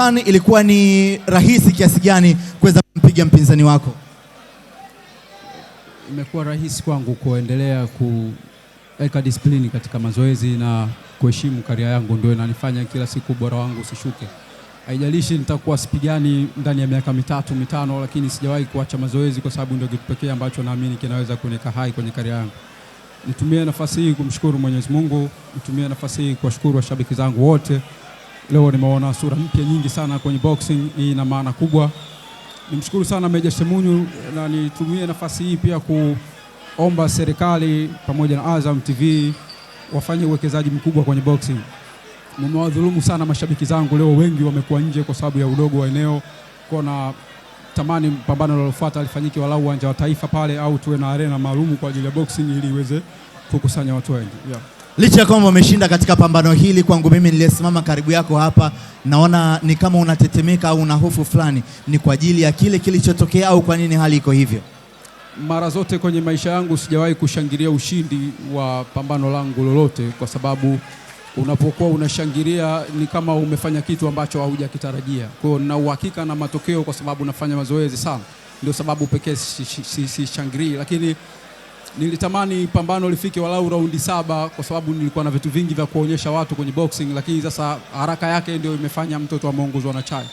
Hassan ilikuwa ni rahisi kiasi gani kuweza kumpiga mpinzani wako? Imekuwa rahisi kwangu kuendelea kuweka disiplini katika mazoezi na kuheshimu karia yangu, ndio inanifanya kila siku bora wangu usishuke. Haijalishi nitakuwa sipigani ndani ya miaka mitatu mitano, lakini sijawahi kuacha mazoezi, kwa sababu ndio kitu pekee ambacho naamini kinaweza kuniweka hai kwenye karia yangu. Nitumie nafasi hii kumshukuru Mwenyezi Mungu, nitumie nafasi hii kuwashukuru washabiki zangu wote Leo nimeona sura mpya nyingi sana kwenye boxing, hii ina maana kubwa. Nimshukuru sana Meja Semunyu, na nitumie nafasi hii pia kuomba serikali pamoja na Azam TV wafanye uwekezaji mkubwa kwenye boxing. Nimewadhulumu sana mashabiki zangu, leo wengi wamekuwa nje kwa sababu ya udogo wa eneo. na tamani pambano linalofuata alifanyike walau uwanja wa Taifa pale, au tuwe na arena maalumu kwa ajili ya boxing ili iweze kukusanya watu wengi yeah licha ya kwamba umeshinda katika pambano hili, kwangu mimi niliyesimama karibu yako hapa, naona ni kama unatetemeka au una hofu fulani. Ni kwa ajili ya kile kilichotokea au kwa nini hali iko hivyo? Mara zote kwenye maisha yangu sijawahi kushangilia ushindi wa pambano langu lolote, kwa sababu unapokuwa unashangilia ni kama umefanya kitu ambacho haujakitarajia. Kwa hiyo na uhakika na matokeo, kwa sababu nafanya mazoezi sana, ndio sababu pekee sishangilii si, si, si, lakini nilitamani pambano lifike walau raundi saba kwa sababu nilikuwa na vitu vingi vya kuonyesha watu kwenye boxing, lakini sasa haraka yake ndio imefanya mtoto ameongozwa na chai.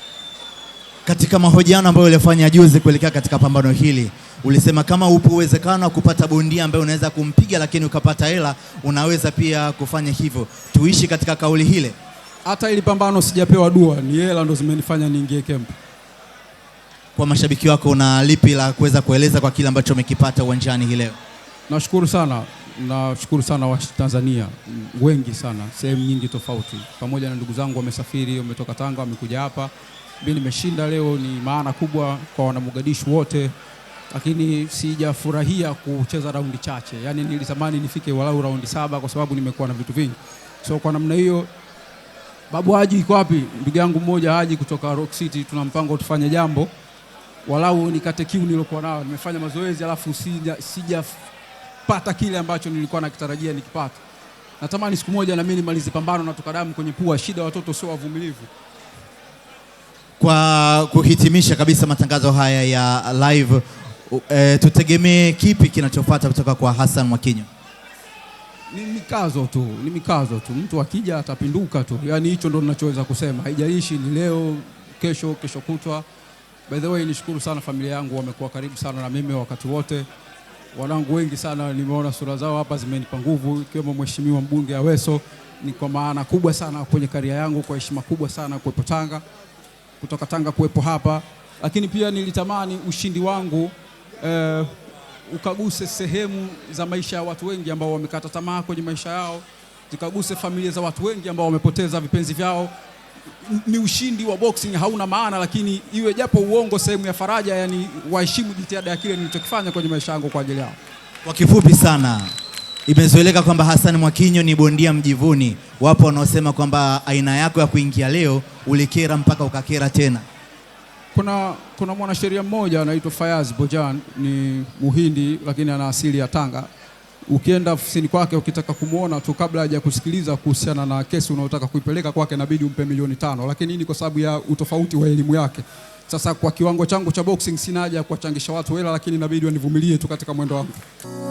Katika mahojiano ambayo ulifanya juzi kuelekea katika pambano hili, ulisema kama upo uwezekano wa kupata bondia ambaye unaweza kumpiga lakini ukapata hela, unaweza pia kufanya hivyo. Tuishi katika kauli hile. Hata ili pambano sijapewa dua, ni hela ndo zimenifanya niingie kempu. Kwa mashabiki wako, una lipi la kuweza kueleza kwa kile ambacho umekipata uwanjani hii leo? Nashukuru sana, nashukuru sana Watanzania wengi sana, sehemu nyingi tofauti, pamoja na ndugu zangu wamesafiri, wametoka Tanga, wamekuja hapa. Mimi nimeshinda leo, ni maana kubwa kwa wanamugadishu wote, lakini sijafurahia kucheza raundi chache, yaani nilitamani nifike walau raundi saba, kwa sababu nimekuwa na vitu vingi. So kwa namna hiyo, babu Haji iko wapi? Ndugu yangu mmoja Haji kutoka Rock City, tuna mpango tufanye jambo walau nikate kiu nilokuwa nao, nimefanya mazoezi alafu sija, sija kupata kile ambacho nilikuwa nakitarajia nikipata. Natamani siku moja na mimi nimalize pambano na toka damu kwenye pua. Shida watoto sio wavumilivu. Kwa kuhitimisha kabisa matangazo haya ya live, e, tutegemee kipi kinachofuata kutoka kwa Hassan Mwakinyo? Ni mikazo tu, ni mikazo tu. Mtu akija atapinduka tu, yaani hicho ndo ninachoweza kusema. Haijaishi ni leo, kesho, kesho kutwa. By the way, nishukuru sana familia yangu, wamekuwa karibu sana na mimi wakati wote wanangu wengi sana nimeona sura zao hapa zimenipa nguvu, ikiwemo mheshimiwa mbunge Aweso. Ni kwa maana kubwa sana kwenye karia yangu, kwa heshima kubwa sana kuwepo Tanga, kutoka Tanga kuwepo hapa, lakini pia nilitamani ushindi wangu eh, ukaguse sehemu za maisha ya watu wengi ambao wamekata tamaa kwenye maisha yao, zikaguse familia za watu wengi ambao wamepoteza vipenzi vyao, ni ushindi wa boxing hauna maana, lakini iwe japo uongo sehemu ya faraja, yani waheshimu jitihada ya kile nilichokifanya kwenye maisha yangu kwa ajili yao. Kwa kifupi sana, imezoeleka kwamba Hassan Mwakinyo ni bondia mjivuni. Wapo wanaosema kwamba aina yako ya kuingia leo ulikera mpaka ukakera tena. Kuna, kuna mwanasheria mmoja anaitwa Fayaz Bojan, ni Muhindi lakini ana asili ya Tanga ukienda ofisini kwake ukitaka kumwona tu, kabla haja kusikiliza kuhusiana na kesi unayotaka kuipeleka kwake, inabidi umpe milioni tano. Lakini hii ni kwa sababu ya utofauti wa elimu yake. Sasa kwa kiwango changu cha boxing sina haja ya kuwachangisha watu hela, lakini inabidi wanivumilie tu katika mwendo wangu.